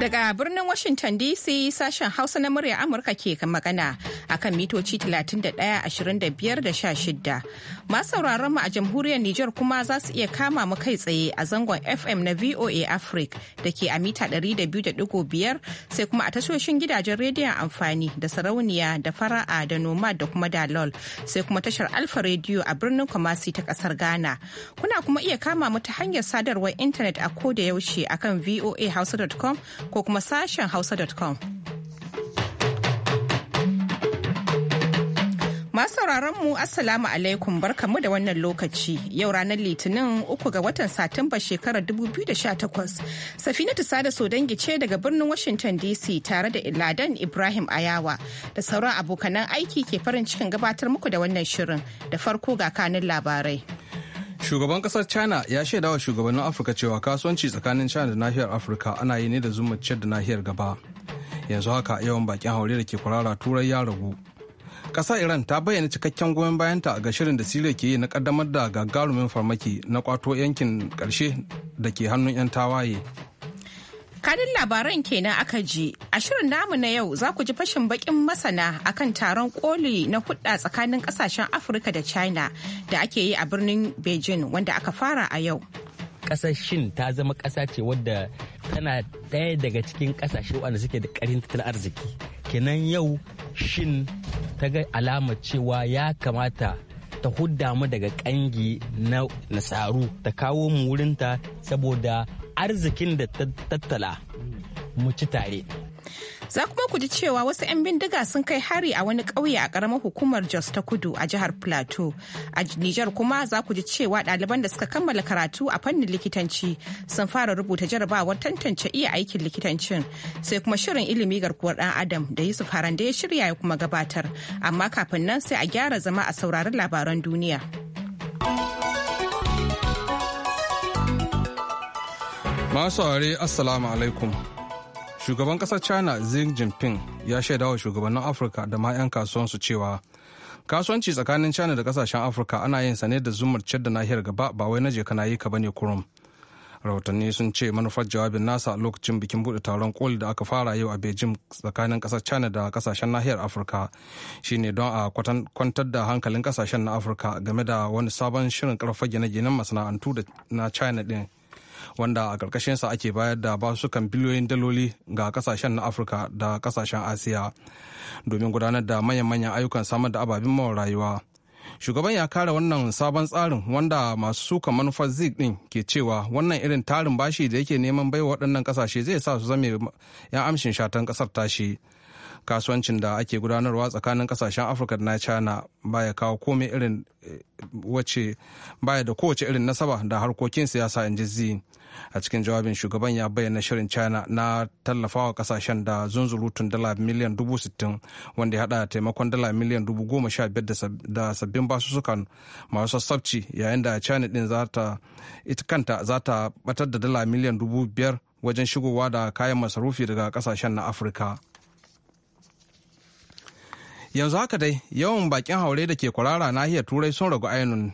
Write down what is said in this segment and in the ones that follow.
Daga birnin Washington DC sashen Hausa na murya Amurka ke magana akan mitoci 31 25 da 16. Masu sauraron mu a jamhuriyar Nijar kuma za su iya kama mu kai tsaye a zangon FM na VOA Africa da ke a mita 200.5 sai kuma a tashoshin gidajen rediyon amfani da sarauniya da fara'a da nomad da kuma dalol sai kuma tashar Alfa Radio a birnin Kumasi ta kasar Ghana. Kuna kuma iya kama mu ta hanyar sadarwar intanet a koda yaushe akan voahausa.com ko kuma sashen hausa.com. sauraron mu Assalamu alaikum barkamu da wannan lokaci yau ranar litinin uku ga watan Satumba shekarar 2018 ta Sada Sodangi ce daga birnin Washington DC tare da Ladan Ibrahim Ayawa da sauran abokanan aiki ke farin cikin gabatar muku da wannan shirin da farko ga kanin labarai. Shugaban kasar China ya wa shugabannin Afirka cewa kasuwanci tsakanin China da nahiyar Afirka ana yi ne da zumaciyar da nahiyar gaba. Yanzu haka yawan bakin haure da ke kwarara turai ya ragu ƙasar iran ta bayyana cikakken goyon bayanta ga shirin da siriya ke yi na kaddamar da gagarumin farmaki na kwato yankin ƙarshe da ke hannun 'yan tawaye Kadin labaran kenan aka ji, a shirin namu na yau za ku ji fashin bakin masana akan taron koli na hudda tsakanin kasashen Afirka da China da ake yi a birnin Beijing wanda aka fara a yau. Ƙasar Shin ta zama ƙasa ce wadda tana ɗaya daga cikin ƙasashe wanda suke da ƙarin tattalin arziki. kenan yau shin ta ga alama cewa ya kamata ta hudda mu daga kangi na nasaru ta kawo mu wurinta saboda arzikin da ta tattala mu ci tare Za kuma ku ji cewa wasu 'yan bindiga sun kai hari a wani ƙauye a ƙaramar hukumar Jos ta Kudu a jihar Plateau. A Nijar kuma za ku ji cewa ɗaliban da suka kammala karatu a fannin likitanci sun fara rubuta jarabawar tantance iya aikin likitancin. Sai kuma shirin ilimi garkuwar ɗan Adam da Yusuf Haran da ya shirya ya kuma gabatar. Amma kafin nan sai a gyara zama a sauraron labaran duniya. Masu aure Assalamu alaikum. shugaban kasar china xi jinping ya shaida wa shugabannin afirka da ma 'yan kasuwansu cewa kasuwanci tsakanin china da kasashen afirka ana yin sane da zumar da nahiyar gaba ba wai na je kana yi ka bane kurum rahotanni sun ce manufar jawabin nasa lokacin bikin bude taron koli da aka fara yau a beijing tsakanin kasar china da kasashen nahiyar afirka shine don a kwantar da hankalin kasashen na afirka game da wani sabon shirin karfa gine-ginen masana'antu na china din wanda a ƙarƙashinsa ake bayar da basukan biliyoyin daloli ga ƙasashen na afirka da kasashen asiya domin gudanar da manyan-manyan ayyukan samar da ababen mawa rayuwa shugaban ya kare wannan sabon tsarin wanda masu suka manufar zig din ke cewa wannan irin tarin bashi da yake neman baiwa waɗannan kasashe zai sa su zame 'yan amshin shatan ƙasar tashi. kasuwancin da ake gudanarwa tsakanin kasashen afirka da na china baya kawo komai irin eh, wace baya da kowace irin nasaba da harkokin siyasa in zi a cikin jawabin shugaban ya bayyana shirin china na tallafawa kasashen da zunzurutun dala miliyan dubu sittin wanda ya hada taimakon dala miliyan dubu goma sha biyar da sabbin basussukan masu sassabci yayin da china din zata ita kanta zata batar da dala miliyan dubu biyar wajen shigowa da kayan masarufi daga kasashen na afirka yanzu haka dai yawan bakin haure da ke kwarara nahiyar turai sun ragu ainun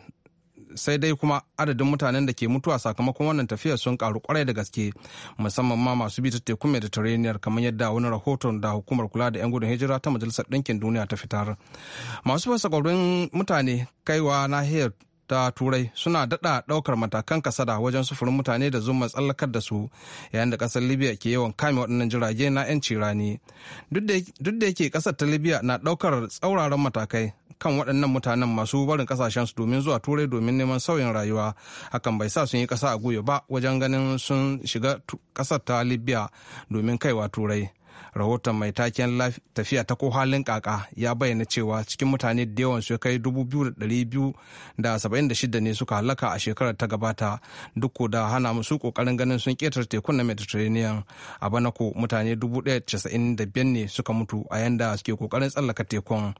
sai dai kuma adadin mutanen da ke mutuwa sakamakon wannan tafiyar sun karu kwarai da gaske musamman ma masu bi ta tekun mediterranean kamar yadda wani rahoton da hukumar kula da 'yan gudun hijira ta majalisar ɗinkin duniya ta fitar masu fasa mutane kaiwa nahiyar ta turai suna daɗa ɗaukar matakan kasada wajen sufurin mutane da zuma tsallakar da su yayin da ƙasar libya ke yawan kame waɗannan jirage na 'yanci rani duk da yake ƙasar ta libya na ɗaukar tsauraran matakai kan waɗannan mutanen masu barin su domin zuwa turai domin neman sauyin rayuwa hakan bai sa sun yi ƙasa a guyo ba wajen ganin sun shiga ƙasar ta libya domin kaiwa turai rahoton mai taken tafiya ta ko halin kaka ya bayyana cewa cikin mutane da yawan su kai 2,276 ne suka halaka a shekarar ta gabata duk ko da hana musu kokarin ganin sun ketar tekun na mediterranean a banako mutane 1,095 ne suka mutu a yanda suke kokarin tsallaka tekun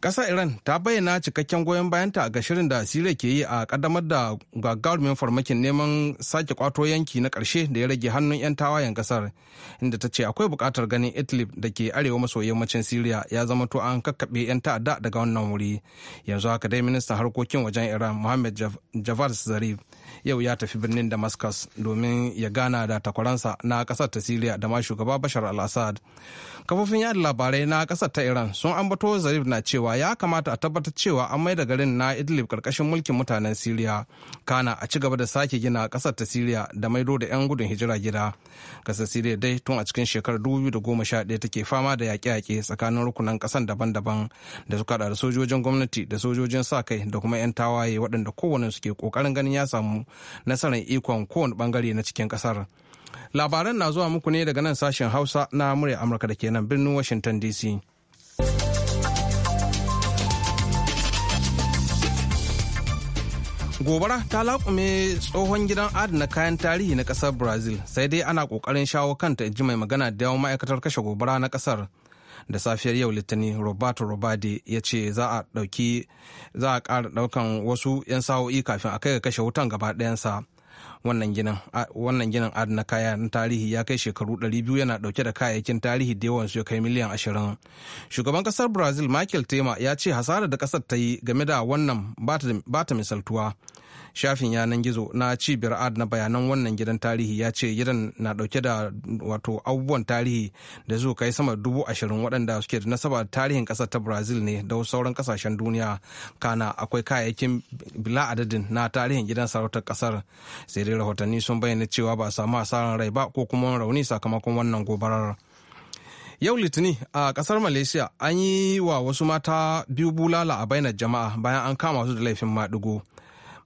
Ƙasar Iran ta bayyana cikakken goyon bayanta ga shirin da Siriya ke yi a ƙaddamar da gagarumin farmakin neman sake kwato yanki na ƙarshe da ya rage hannun 'yan tawayen ƙasar, inda ta ce akwai buƙatar ganin Idlib da ke arewa maso yammacin Siriya ya zama to an kakkaɓe 'yan ta'adda daga wannan wuri. Yanzu haka dai ministan harkokin wajen Iran Mohammed Javad Zarif yau ya tafi birnin Damascus domin ya gana da takwaransa na ƙasar ta Siriya da ma shugaba Bashar al-Assad. Kafofin yada labarai na ƙasar ta Iran sun ambato Zarif na cewa cewa ya kamata a tabbatar cewa an mai da garin na idlib karkashin mulkin mutanen siriya kana a ci gaba da sake gina kasar ta siriya da maido da 'yan gudun hijira gida kasar siriya dai tun a cikin shekarar 2011 take fama da yaƙe-yaƙe tsakanin rukunan ƙasan daban-daban da suka da sojojin gwamnati da sojojin sa kai da kuma 'yan tawaye waɗanda kowane suke ƙoƙarin ganin ya samu nasarar ikon kowane bangare na cikin kasar labaran na zuwa muku ne daga nan sashen hausa na murya amurka da ke nan birnin washington dc gobara ta laƙume tsohon gidan adana kayan tarihi na ƙasar brazil sai dai ana ƙoƙarin shawo kanta ji mai magana da yawan ma'aikatar kashe gobara na ƙasar da safiyar yau litinin roberto robade ya ce za a ɗauki za a ƙara ɗaukan wasu 'yan sa'o'i kafin a kai ga kashe wutan gaba ɗayansa wannan ginin adana kaya na tarihi ya kai shekaru 200 yana dauke da kayayyakin tarihi da su ya kai miliyan 20 shugaban kasar brazil michael tema ya ce hasarar da kasar ta yi game da wannan ba ta misaltuwa shafin yanan gizo na cibiyar ad na bayanan wannan gidan tarihi ya ce gidan na dauke da wato abubuwan tarihi da zuwa kai sama dubu ashirin waɗanda suke da nasaba da tarihin ƙasar ta brazil ne da sauran ƙasashen duniya kana akwai kayayyakin bila na tarihin gidan sarautar ƙasar sai dai rahotanni sun bayyana cewa ba a samu asarar rai ba ko kuma rauni sakamakon wannan gobarar. yau litini a kasar malaysia an yi wa wasu mata biyu bulala a bainar jama'a bayan an kama su da laifin maɗigo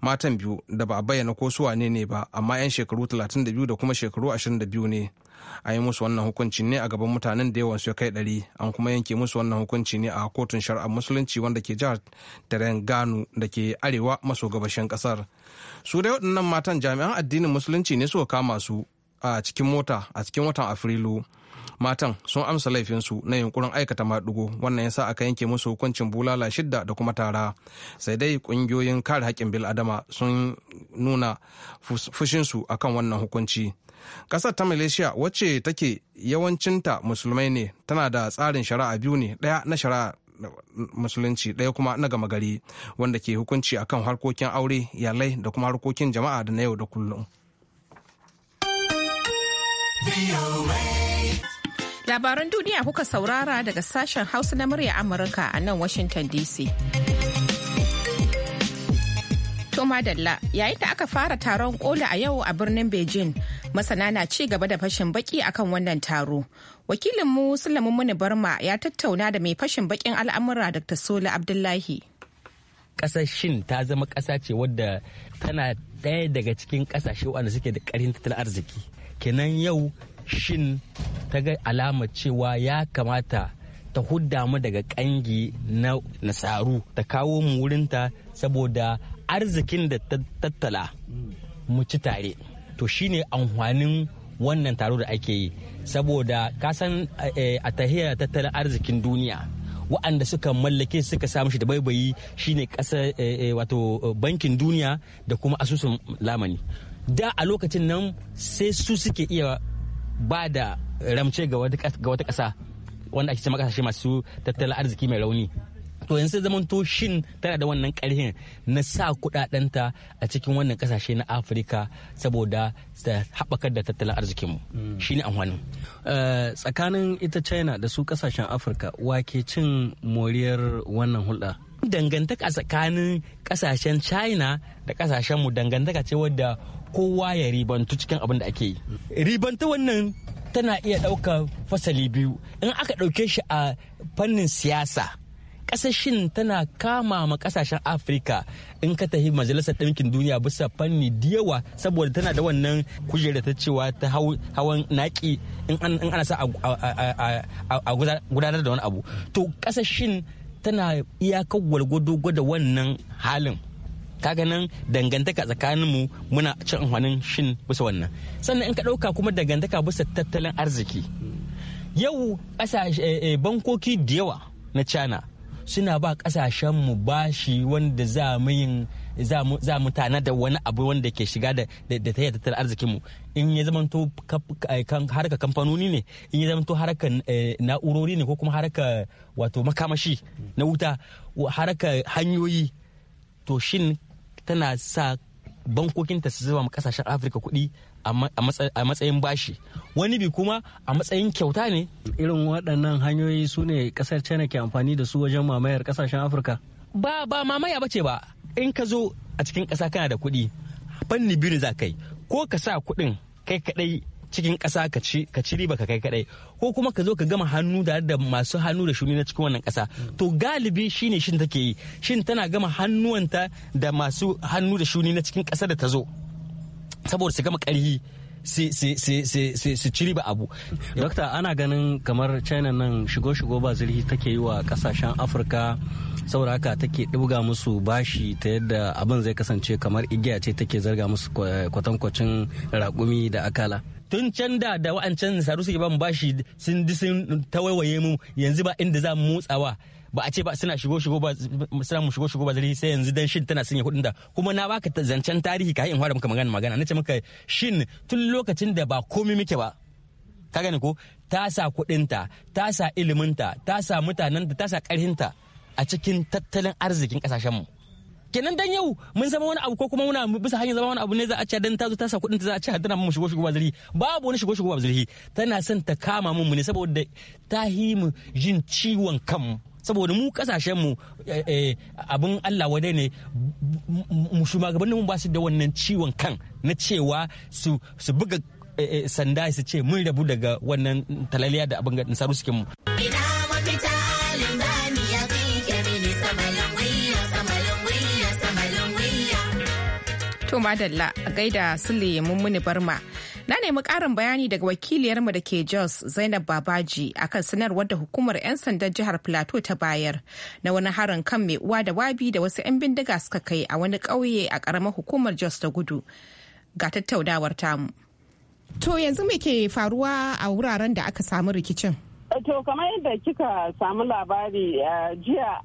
matan biyu da ba a bayyana ko su wane ne ba amma 'yan shekaru 32 da kuma shekaru 22 ne a yi musu wannan hukunci ne a gaban mutanen da yawan su kai ɗari an kuma yanke musu wannan hukunci ne a kotun shari'ar musulunci wanda ke jihar Gano da ke arewa maso gabashin kasar su da waɗannan matan jami'an addinin musulunci ne suka kama su a cikin mota a cikin watan afrilu matan sun amsa laifinsu na yunkurin aikata maɗigo wannan ya sa aka yanke musu hukuncin bulala shidda da kuma tara sai dai ƙungiyoyin kare haƙƙin bil'adama sun nuna fushinsu akan wannan hukunci ƙasar ta malaysia wacce take yawancinta musulmai ne tana da tsarin shari'a biyu ne ɗaya na shari'a musulunci ɗaya kuma na gama gari wanda ke hukunci akan harkokin aure iyalai da kuma harkokin jama'a da na yau da kullum. Labaran duniya kuka saurara daga sashen Hausa na murya Amurka a nan Washington DC. Toma Dalla yayin da aka fara taron koli a yau a birnin Beijing masana na ci gaba da fashin baki akan wannan taro. Wakilinmu Sulaiman Muni Barma ya tattauna da mai fashin bakin al'amura Dr. Sola Abdullahi. Ƙasar Shin ta zama ƙasa ce wadda tana ɗaya daga cikin ƙasashe waɗanda suke da ƙarin tattalin arziki. Kenan yau shin ta ga alamar cewa ya kamata ta hudda mu daga kangi na nasaru ta kawo mu wurinta saboda arzikin da ta tattala mu ci tare to shine amfanin wannan taro da ake yi saboda kasan eh, a tahiyar tattalin arzikin duniya waɗanda suka mallake suka samu shi da baibayi shine ƙasa eh, eh, wato bankin duniya da kuma asusun lamani da a lokacin nan sai su suke iya ba da ramce ga wata ƙasa wanda ake cewa kasashe masu tattalin arziki mai rauni to yanzu zaman to shin tana da wannan karhin na sa kudadenta a cikin wannan kasashe na afirka saboda ta haɓakar da tattalin arzikinmu mm. ne amfanin eh, tsakanin ita china da su kasashen afirka wake cin moriyar wannan hulɗa dangantaka tsakanin kasashen china da kasashen mu dangantaka ce wadda kowa ya ribantu cikin abin da ake yi ribanta wannan tana iya ɗaukar fasali biyu in aka ɗauke shi a fannin siyasa Ƙasashen tana kama ma kasashen afirka in ka tafi majalisar ɗinkin duniya bisa fanni da yawa saboda tana da wannan kujera ta cewa ta hawan naki in ana sa a gudanar da wani abu to kasashen tana iyakar gwalgwado gwada wannan halin kaga nan dangantaka tsakanin mu muna cin amfanin shin bisa wannan sannan in ka ɗauka kuma dangantaka bisa tattalin arziki yau eh, eh, bankoki da yawa na china suna ba kasashen mu bashi wanda za mu yin za mu tana da wani abu wanda ke shiga da ta yadda tattalin arzikin mu in ya to eh, harka kamfanoni ne in ya zamanto harka eh, na'urori ne ko kuma harka wato makamashi na wuta harkar hanyoyi to shin tana sa bankokinta su zama kasashen afirka kuɗi a matsayin bashi wani bi kuma a matsayin kyauta ne irin waɗannan hanyoyi su ne ƙasar china ke amfani da su wajen mamayar ƙasashen afirka ba ba mamaya bace ba in ka zo a cikin ƙasa kana da kuɗi fanni biyu ne za ka yi ko ka sa kuɗin kai kaɗai cikin ƙasa ka ci ka riba ka kai kaɗai ko kuma ka zo ka gama hannu da da masu hannu da shuni na cikin wannan ƙasa to galibi shine shin take yi shin tana gama hannuwanta da masu hannu da shuni na cikin ƙasa da ta zo saboda su gama ƙarhi su ci riba abu. Dokta ana ganin kamar China nan shigo-shigo ba zirhi take yi wa kasashen Afirka saboda haka take ɗibga musu bashi ta yadda abin zai kasance kamar igiya ce take zarga musu kwatankwacin raƙumi da akala. tun can da da wa'ancan saru suke ban bashi sun sun tawaiwaye mu yanzu ba inda za mu motsawa ba a ce ba suna shigo shigo ba suna mu shigo shigo ba zari sai yanzu dan shin tana sanya kuɗin da kuma na baka zancen tarihi ka in fara muka magana magana nace maka shin tun lokacin da ba komai muke ba ka gane ko ta sa kuɗinta ta sa iliminta ta sa mutanen ta sa ƙarhinta a cikin tattalin arzikin ƙasashenmu kenan dan yau mun zama wani abu ko kuma muna bisa hanyar zama wani abu ne za a ce dan ta zo ta sa kuɗin ta za a ce tana mu shigo shigo ba zuri babu wani shigo shigo ba zuri tana son ta kama mu ne saboda ta hi mu jin ciwon kanmu saboda mu kasashen mu eh, eh, abin Allah wadai ne mu shugabannin mu ba su da wannan ciwon kan na cewa su buga eh, sanda su ce mun rabu daga wannan talaliya da abin gadin saru suke mu To madalla a gaida Sule Mummuni Barma. Na nemi ƙarin bayani daga wakiliyarmu da ke Jos Zainab Babaji akan sanarwar da hukumar 'yan sandan jihar Plateau ta bayar na wani harin kan mai uwa da wabi da wasu 'yan bindiga suka kai a wani ƙauye a ƙaramar hukumar Jos ta gudu. Ga tattaunawar tamu. To yanzu me ke faruwa a wuraren da aka samu rikicin? Eh, to kamar yadda kika samu labari eh, jiya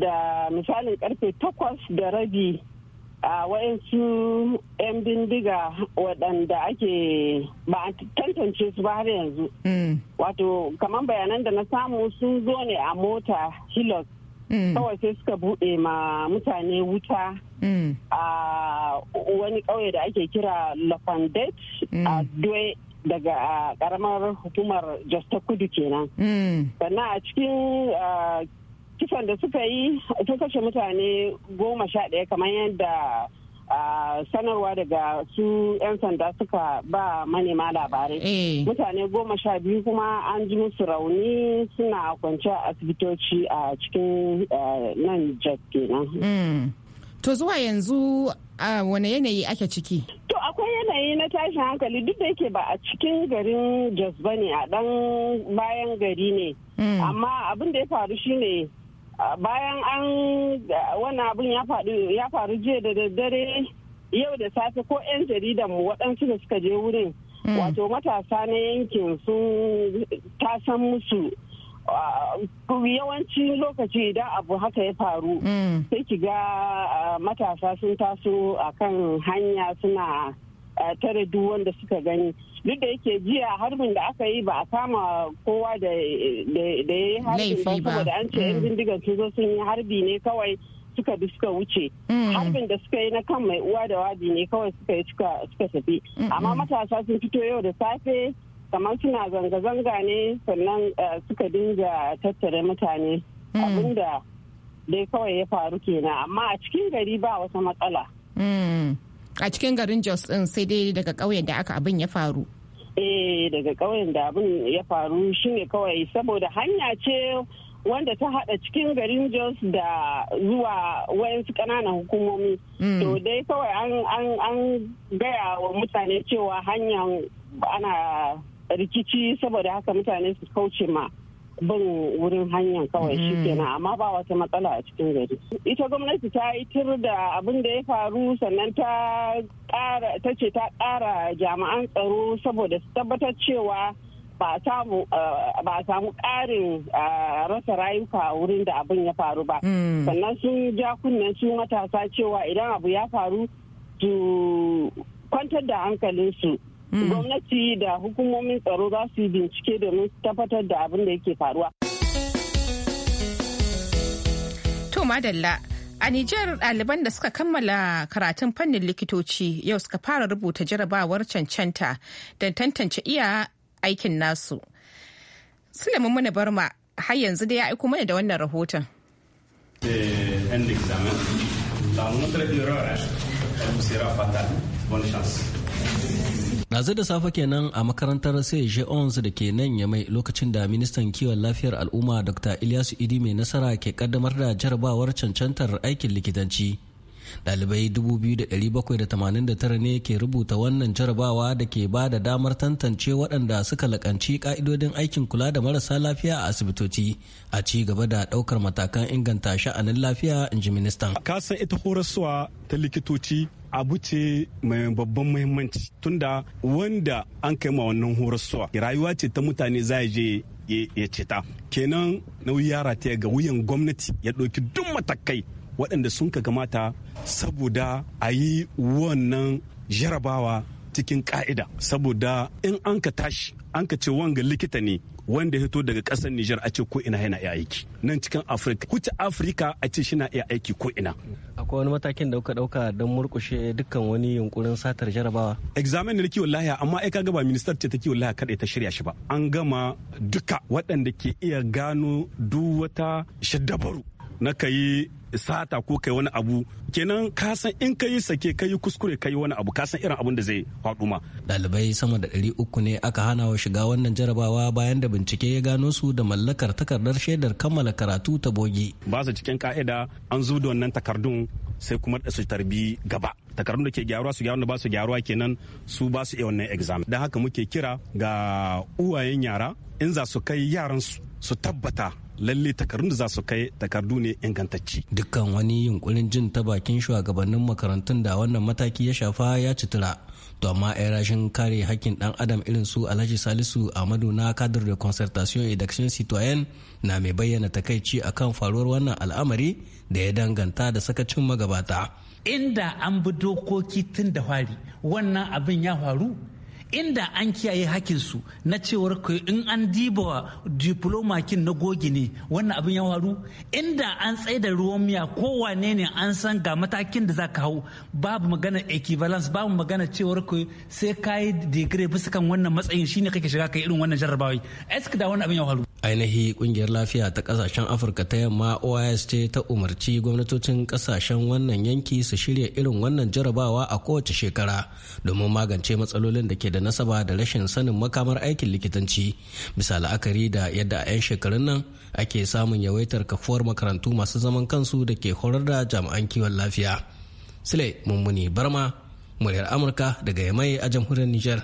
da misalin karfe takwas da rabi a wa'insu 'yan bindiga waɗanda ake ba a tantance su ba har yanzu mm. wato kamar bayanan da na samu sun zo ne a mota hilux mm. kawai sai suka buɗe ma mutane wuta mm. a wani ƙauye da ake kira lafandet a dwe daga karamar hukumar jos ta kudu kenan sannan a cikin kisan da suka yi ta kashe mutane goma sha ɗaya kamar yadda sanarwa daga su 'yan sanda suka ba manema labarai eh. mutane goma sha biyu kuma an ji musu rauni suna kwanci a asibitoci a cikin nan jet kenan hmm. to zuwa yanzu wane yanayi ake ciki to akwai yanayi na tashin hankali duk da yake ba a cikin garin jos ba ne a dan bayan gari ne hmm. amma abin da ya faru shine bayan an wani abin ya faru jiya da daddare yau da safe ko 'yan jaridan mu waɗansu da suka je wurin hmm. wato matasa na yankin sun ta san musu yawanci lokaci idan abu haka ya faru hmm. sai ki ga matasa sun taso akan hanya suna tare duk wanda suka gani duk da yake jiya harbin da aka yi ba a kama kowa da ya yi harbin ba saboda an ce mm. yan bindigar sun zo sun yi harbi ne kawai suka bi suka wuce mm. harbin da suka yi na kan mai uwa da wadi ne kawai suka yi suka tafi amma matasa sun fito yau da safe kamar suna zanga-zanga ne sannan eh, suka dinga tattare mutane mm. abinda dai kawai ya faru kenan amma a cikin gari ba wata matsala. a cikin garin jos din sai dai daga ƙauyen da aka abin ya faru eh daga ƙauyen da abin ya faru shine kawai saboda hanya ce wanda ta hada cikin garin jos da zuwa wayansu ƙananan hukumomi mm. to dai kawai an gaya wa mutane cewa hanyar ana rikici saboda haka mutane su kauce ma bin wurin hanyar kawai shi mm. kenan amma ba wata matsala a cikin gari ita gwamnati ta yi da abin da ya faru sannan ta ce ta ƙara jami'an tsaro saboda su tabbatar cewa ba a samu eh, ƙarin eh, rasa rayuka wurin da abin ya faru ba mm. sannan sun ja kunnen su matasa cewa idan abu ya faru su kwantar da hankalinsu Mm. gwamnati da hukumomin tsaro za su yi bincike domin tabbatar da abin da yake faruwa. To madalla a Nijar ɗaliban da suka kammala karatun fannin likitoci yau suka fara rubuta jarabawar cancanta don tantance iya aikin nasu. Sulaiman Muna Barma har yanzu da ya aiko mana da wannan rahoton. Eh, Bonne chance. Ɗazu da safe kenan a makarantar sai Ons da ke nan ya mai lokacin da ministan kiwon lafiyar al'umma Dr. Ilyasu Idi mai nasara ke kaddamar da jarabawar cancantar aikin likitanci. dalibai 2,789 ne ke rubuta wannan jarabawa da ke ba da damar tantance waɗanda suka lakanci ka'idodin aikin kula da marasa lafiya a asibitoci a ci gaba da ɗaukar matakan inganta sha'anin lafiya in ji ministan. Kasan ita horaswa ta likitoci abu ce mai babban muhimmanci tunda wanda an kai ma wannan horaswa rayuwa ce ta mutane za je ya ceta kenan nauyi yara ta ga wuyan gwamnati ya ɗauki duk matakai waɗanda sun ka gamata saboda a yi wannan jarabawa cikin ka'ida saboda in an ka tashi an ka ce wanga likita ne wanda ya hito daga ƙasar Nijar a ce ko ina yana iya aiki nan cikin Afirka huce Afirka a ce na iya aiki ko ina akwai wani matakin da kuka dauka don murkushe dukkan wani yunkurin satar jarabawa examen na kiwon lahiya amma ai kaga ba minister ce ta kiwon lahiya ta shirya shi ba an gama duka waɗanda ke iya gano duk wata shaddabaru na kai. sata ko kai wani abu kenan ka san in ka yi sake ka yi kuskure ka yi wani abu ka san irin abun da zai faɗu ma. Dalibai sama da ɗari uku ne aka hana wa shiga wannan jarabawa bayan da bincike ya gano su da mallakar takardar shaidar kammala karatu ta bogi. Ba su cikin ka'ida an zo da wannan takardun sai kuma da su tarbi gaba. takardun da ke gyaruwa su gyaruwa da ba su gyaruwa kenan su ba su iya wannan exam don haka muke kira ga uwayen yara in za su kai yaran su su tabbata lalle takardun da za su kai takardu ne ingantacci. Dukkan wani yunkurin jin ta bakin shugabannin makarantun da wannan mataki ya shafa ya citira. To amma rashin kare hakkin ɗan adam irin su Alhaji Salisu Ahmadu na kadar da concertation et d'action na mai bayyana takaici akan faruwar wannan al'amari da ya danganta da sakacin magabata. Inda an bi dokoki tun da fari wannan abin ya faru inda an kiyaye hakinsu na cewar in an diba diplomakin na gogi ne wannan abin ya faru inda an tsaida ruwan miya kowane ne an san ga matakin da za ka hau babu magana equivalence babu magana cewar ku sai ka yi digire bisa kan wannan matsayin shine kake shiga kai irin wannan jarrabawai eski da wannan abin ya faru ainihi kungiyar lafiya ta kasashen afirka ta yamma ois ce ta umarci gwamnatocin kasashen wannan yanki su shirya irin wannan jarrabawa a kowace shekara domin magance matsalolin da ke da da nasaba da rashin sanin makamar aikin likitanci bisa la'akari da yadda a 'yan shekarun nan ake samun yawaitar kafuwar makarantu masu zaman kansu da ke horar da jami'an kiwon lafiya sile mummuni barma muryar amurka daga yamai a jamhuriyar niger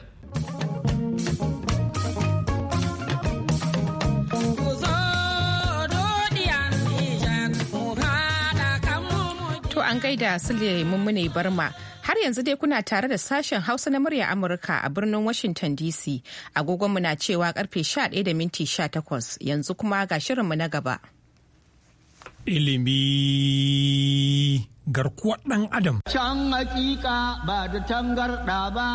an gaida sule mummune barma Har yanzu dai kuna tare da sashen Hausa na murya Amurka a birnin Washington DC. Agogonmu na cewa karfe 11 da minti 18 yanzu kuma ga shirinmu na gaba. Ilimi garkuwar ɗan Adam. Can hakika ba da tangarɗa ba,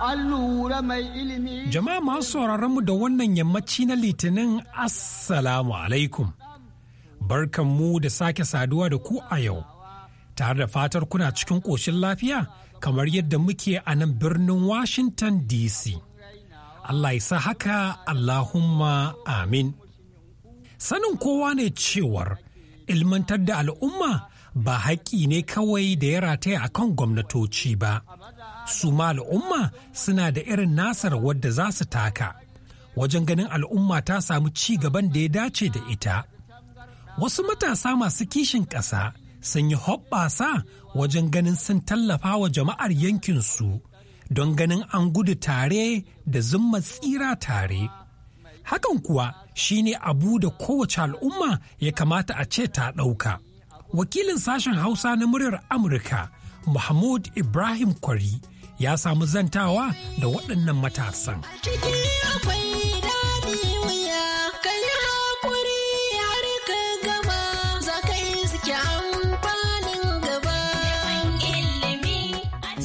an lura mai ilimi. Jama'a masu mu da wannan yammaci na Litinin Assalamu alaikum. Barkan da sake saduwa da ku a yau. tare da fatar kuna cikin ƙoshin lafiya kamar yadda muke a nan birnin Washington DC. Allah ya sa haka Allahumma amin. Sanin kowa ne cewar ilmantar da al'umma ba haƙƙi ne kawai da ya rataya a kan gwamnatoci ba. Su ma al'umma suna da irin nasar wadda za su taka, wajen ganin al'umma ta samu ci gaban da ya dace da ita. Wasu matasa masu kishin ƙasa sun yi hoɓɓasa wajen ganin sun tallafa wa jama'ar yankinsu don ganin an gudu tare da zumma tsira tare. Hakan kuwa shine abu da kowace al'umma ya kamata a ce ta ɗauka. Wakilin sashen Hausa na muryar Amurka, Mahmud Ibrahim Kwari, ya samu zantawa da waɗannan matasan.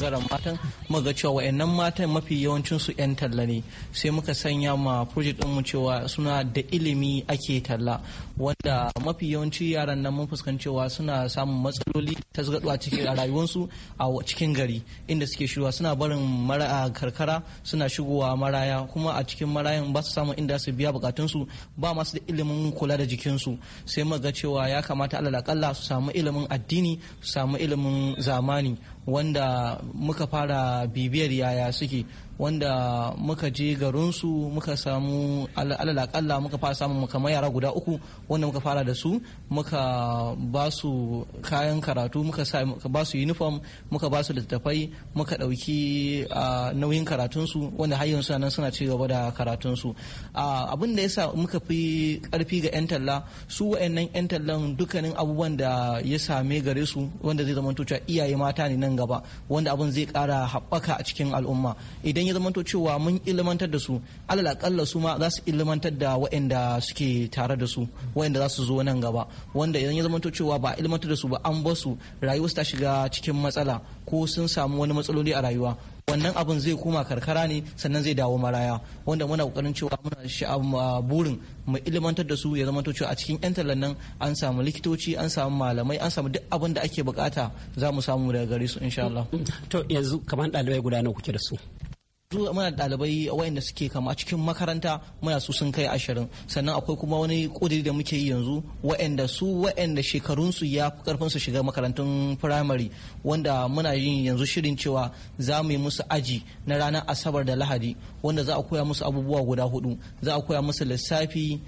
bangaren matan muka ga cewa wayannan matan mafi yawancin su yan talla ne sai muka sanya ma project din mu cewa suna da ilimi ake talla wanda mafi yawanci yaran nan mun fuskanci suna samun matsaloli ta zgadu a cikin a rayuwarsu a cikin gari inda suke shiwa suna barin mara karkara suna shigowa maraya kuma a cikin marayan ba su samu inda su biya su ba masu da ilimin kula da jikinsu sai muka cewa ya kamata alal akalla su samu ilimin addini su samu ilimin zamani wanda muka fara bibiyar yaya suke wanda muka je garinsu muka samu alalakalla muka fara samun kamar yara guda uku wanda muka fara da su muka ba su kayan karatu muka ba su uniform muka ba su littattafai muka ɗauki nauyin karatunsu wanda har yanzu nan suna ci gaba da karatunsu abin da yasa muka fi karfi ga 'yan talla su wayannan 'yan tallan dukkanin abubuwan da ya same gare su wanda zai zama iyaye mata ne nan gaba wanda abin zai kara haɓaka a cikin al'umma idan ya zamanto cewa mun ilmantar da su alal akalla su ma za su ilmantar da waɗanda suke tare da su waɗanda za su zo nan gaba wanda idan ya zamanto cewa ba ilmantar da su ba an ba su rayuwarsu ta shiga cikin matsala ko sun samu wani matsaloli a rayuwa wannan abin zai koma karkara ne sannan zai dawo maraya wanda muna kokarin cewa muna sha'awar um, uh, burin mu ilmantar da su ya zama cewa a cikin yan tallan nan an samu likitoci an samu malamai an samu duk abin da ake bukata za mu samu daga gare su insha Allah to yanzu kamar dalibai guda nawa kuke da su muna wayan da suke kama cikin makaranta muna su sun kai ashirin sannan akwai kuma wani kudiri da muke yi yanzu da su wayanda shekarunsu ya fi karfin su shiga makarantun firamare wanda muna yin yanzu shirin cewa za mu yi musu aji na ranar asabar da lahadi wanda za a koya musu abubuwa guda hudu za a koya musu lissafi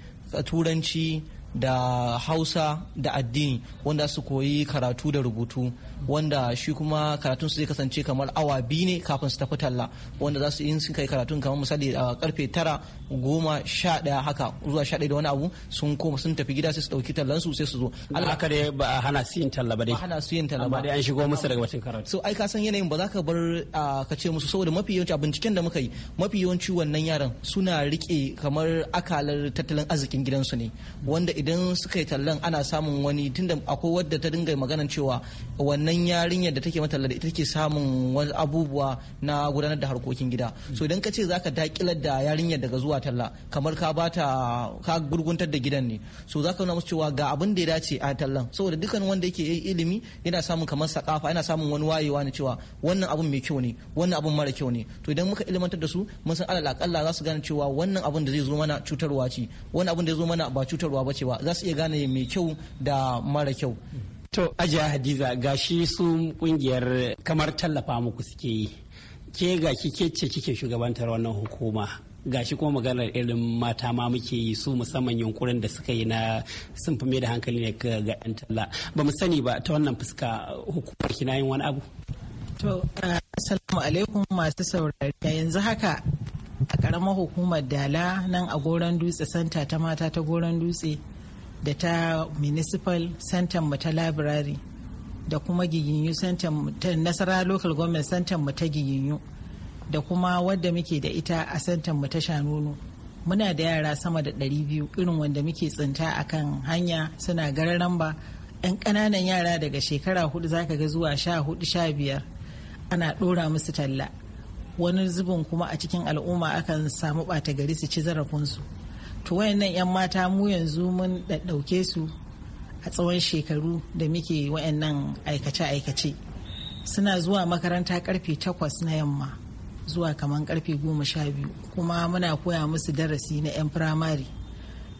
turanci da hausa da addini wanda su koyi karatu da rubutu wanda shi kuma karatun su zai kasance kamar awa biyu ne kafin su tafi talla wanda za su yi sun kai karatun kamar misali a karfe tara goma sha daya haka zuwa sha daya da wani abu sun koma sun tafi gida sai su dauki tallan su sai su zo alaka dai ba a hana su yin talla ba dai hana su yin talla ba dai an shigo musu daga wacin karatu so ai ka san yanayin ba za ka bar ka ce musu saboda mafi yawanci a binciken da muka yi mafi yawanci wannan yaran suna rike kamar akalar tattalin arzikin gidansu ne wanda idan suka yi tallan ana samun wani tunda akwai wadda ta dinga maganan cewa wannan yarinyar da take mata da ita take samun wani abubuwa na gudanar da harkokin gida so idan ka ce zaka dakilar da yarinyar daga zuwa talla kamar ka bata ka gurguntar da gidan ne so zaka nuna musu cewa ga abin da ya dace a tallan saboda dukkan wanda yake ilimi yana samun kamar sakafa yana samun wani wayewa ne cewa wannan abun mai kyau ne wannan abun mara kyau ne to idan muka ilmantar da su mun san alal akalla za su gane cewa wannan abun da zai zo mana cutarwa ce wannan abun da zai zo mana ba cutarwa ba ce ba ba za su iya gane mai kyau da mara kyau to ajiya hadiza gashi su kungiyar kamar tallafa muku suke yi ke ga kike ce kike shugabantar wannan hukuma gashi kuma maganar irin mata ma muke yi su musamman yunkurin da suka yi na sun fi da hankali ne ga 'yan talla ba mu sani ba ta wannan fuska hukumar kina yin wani abu to assalamu alaikum masu saurari yanzu haka a karamar hukumar dala nan a goron dutse santa ta mata ta goron dutse da ta municipal center mu ta library da kuma giginyu center ta nasara local government center mu ta giginyu da kuma wadda muke da ita a center mu ta shanunu muna da yara sama da 200 irin wanda muke tsinta akan hanya suna gararan ba 'yan ƙananan yara daga shekara hudu zaka ga zuwa sha hudu sha biyar ana ɗora musu talla wani zubin kuma a cikin al'umma akan samu ɓata gari su ci zarafinsu to wayannan 'yan mata mu yanzu mun ɗauke su a tsawon shekaru da muke wayannan aikace-aikace suna zuwa makaranta karfe takwas na yamma zuwa kamar karfe goma sha biyu kuma muna koya musu darasi na 'yan firamare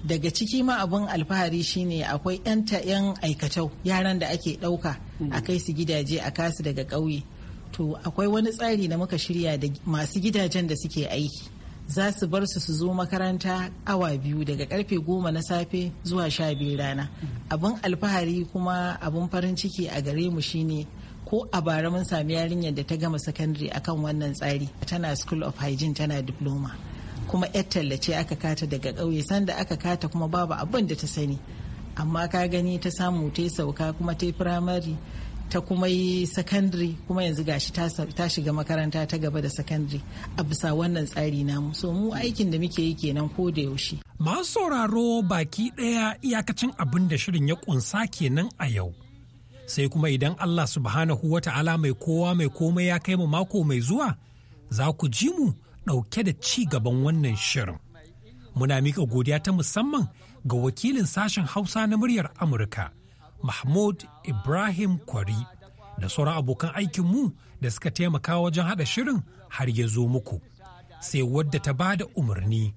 daga ciki ma abin alfahari shine akwai 'yan yan aikatau yaran da ake ɗauka hmm. a kai su gidaje a kasu daga ƙauye to akwai wani tsari da muka shirya da masu gidajen da suke aiki za su bar su zo makaranta awa biyu daga karfe goma na safe zuwa sha biyu rana abin alfahari kuma abin farin ciki a gare mu shine ko a bara mun sami yarinyar da ta gama sakandare akan wannan tsari tana school of hygiene tana diploma kuma yar tallace aka kata daga ƙauye sanda aka kata kuma babu abin da ta sani amma ka gani ta samu ta sauka kuma ta yi firamare ta kuma yi secondary kuma yanzu gashi ta shiga makaranta ta gaba da secondary a bisa wannan tsari namu so mu aikin da muke yi kenan ko da yaushe masu sauraro baki ɗaya iyakacin abin da shirin ya kunsa kenan a yau sai kuma idan Allah subhanahu wa ta'ala mai kowa mai komai ya kai mu mako mai zuwa za ku ji mu ɗauke da ci gaban wannan shirin. Muna mika godiya ta musamman ga wakilin sashen Hausa na muryar Amurka, Mahmud Ibrahim Kwari da sauran abokan aikinmu da suka taimaka wajen haɗa shirin har ya zo muku. Sai wadda ta ba da umarni,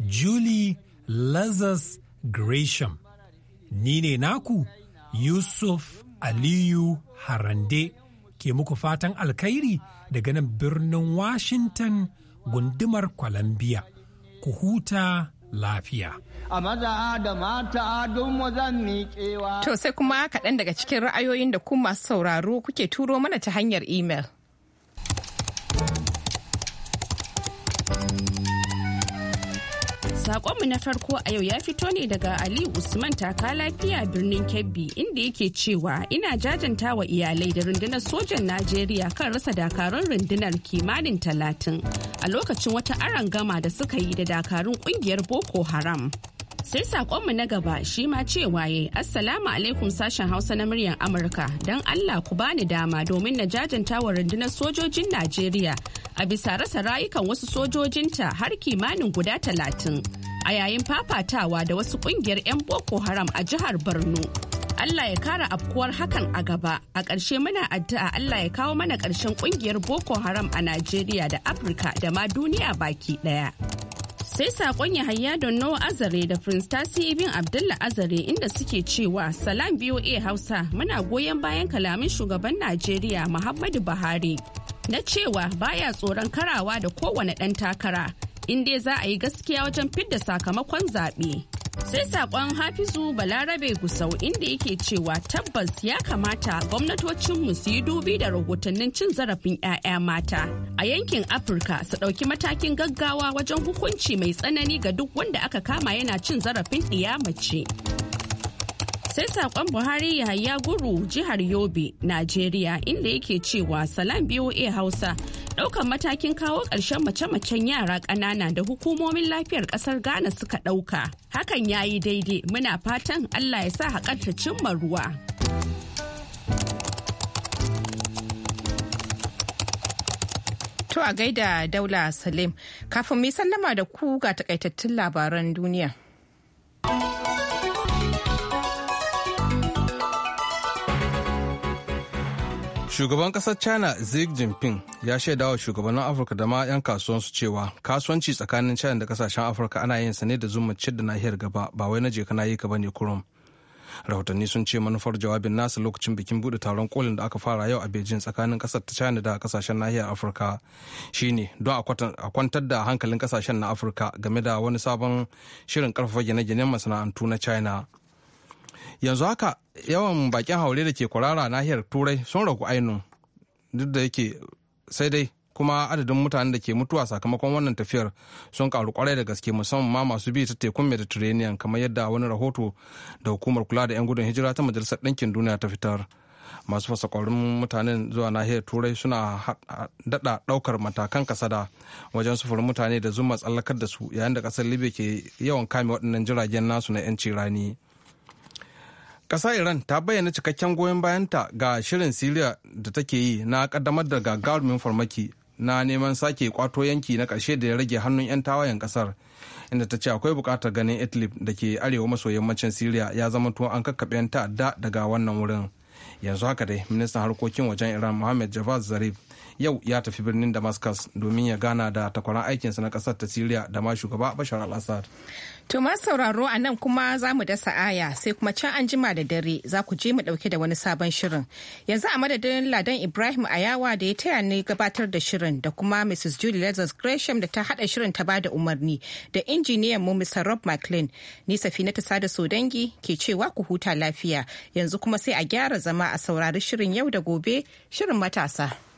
Julie Lazarus Gresham. Ni ne naku Yusuf Aliyu Harande ke muku fatan alkhairi daga nan birnin Washington gundumar Columbia. Ku huta lafiya. a maza da mata don mu zan miƙewa. To sai kuma kaɗan daga cikin ra'ayoyin da kuma masu sauraro kuke turo mana ta hanyar imel. Saƙonmu na farko a yau ya fito ne daga Ali Usman taka lafiya birnin Kebbi inda yake cewa ina jajanta wa iyalai da rundunar sojan Najeriya kan rasa dakarun rundunar kimanin talatin a lokacin wata gama da suka yi da dakarun ƙungiyar Boko Haram. Sai sakonmu na gaba shi ma ce waye Assalamu alaikum sashen Hausa na muryar Amurka don Allah ku bani dama domin na jajanta wa rundunar sojojin Najeriya a bisa rasa rayukan wasu sojojinta har kimanin guda talatin a yayin fafatawa da wasu kungiyar 'yan Boko Haram a jihar Borno. Allah ya kara afkuwar hakan a gaba a ƙarshe muna addu'a Allah ya kawo mana ƙarshen kungiyar Boko Haram a Najeriya da Afirka da ma duniya baki ɗaya. sai sakon ya hayya don nawa azare da prince tasi ibin abdullah azare inda suke cewa salam boa hausa muna goyon bayan kalamin shugaban najeriya muhammadu buhari na cewa baya tsoron karawa da kowane ɗan takara in dai za a yi gaskiya wajen fidda sakamakon zaɓe sai sakon hafizu balarabe gusau inda yake cewa tabbas ya kamata gwamnatocinmu su yi dubi da rahotannin cin zarafin 'ya'ya mata a yankin afirka su ɗauki matakin gaggawa wajen hukunci mai tsanani ga duk wanda aka kama yana cin zarafin ɗiya mace sai saƙon buhari yahaya guru jihar yobe najeriya inda yake cewa salam boa hausa ɗaukan matakin kawo ƙarshen mace-macen yara ƙanana da hukumomin lafiyar ƙasar Ghana suka ɗauka. Hakan ya yi daidai muna fatan Allah ya sa haƙar ta cimma ruwa. To a gaida Daula Salim, kafin mu sallama da ku ga takaitattun labaran duniya. Shugaban kasar China Xi Jinping ya shaida wa shugabannin Afirka da ma 'yan kasuwansu cewa kasuwanci tsakanin China da kasashen Afirka ana yin sa ne da zumunci da nahiyar gaba ba wai na je kana yi ka bane kurum. Rahotanni sun ce manufar jawabin nasa lokacin bikin bude taron kolin da aka fara yau a Beijing tsakanin ƙasar ta China da kasashen nahiyar Afirka shine don a kwantar da hankalin kasashen na Afirka game da wani sabon shirin karfafa gine-ginen masana'antu na China. yanzu haka yawan bakin haure da ke kwarara nahiyar turai sun ragu ainun duk da yake sai dai kuma adadin mutanen da ke mutuwa sakamakon wannan tafiyar sun karu kwarai da gaske musamman ma masu bi ta tekun mediterranean kamar yadda wani rahoto da hukumar kula da 'yan gudun hijira ta majalisar ɗinkin duniya ta fitar masu fasakwarin mutanen zuwa nahiyar turai suna daɗa ɗaukar matakan kasada wajen sufurin mutane da zuma tsallakar da su yayin da kasar libya ke yawan kame waɗannan jiragen nasu na 'yanci rani. ƙasa iran ta bayyana cikakken goyon bayanta ga shirin siriya da take yi na ƙaddamar da gagarumin farmaki na neman sake kwato yanki na ƙarshe da ya rage hannun 'yan tawayen ƙasar inda ta ce akwai bukatar ganin idlib da ke arewa maso yammacin siriya ya zama tuwon an kakkaɓe 'yan ta'adda daga wannan wurin yanzu haka dai ministan harkokin wajen iran mohammed javad zarif yau ya tafi birnin damascus domin ya gana da takwaran aikinsa na ƙasar ta siriya da ma shugaba bashar al-assad To sauraro a nan kuma za mu dasa aya sai kuma can an jima da dare za ku je mu dauke da wani sabon shirin. Yanzu a madadin Ladan Ibrahim Ayawa da ya taya ni gabatar da shirin da kuma Mrs. Julie Lazarus Gresham da ta hada shirin ta ba da umarni da injiniyan mu Mr. Rob McLean. Ni Safina ta sada Sodangi ke cewa ku huta lafiya. Yanzu kuma sai a gyara zama a saurari shirin yau da gobe shirin matasa.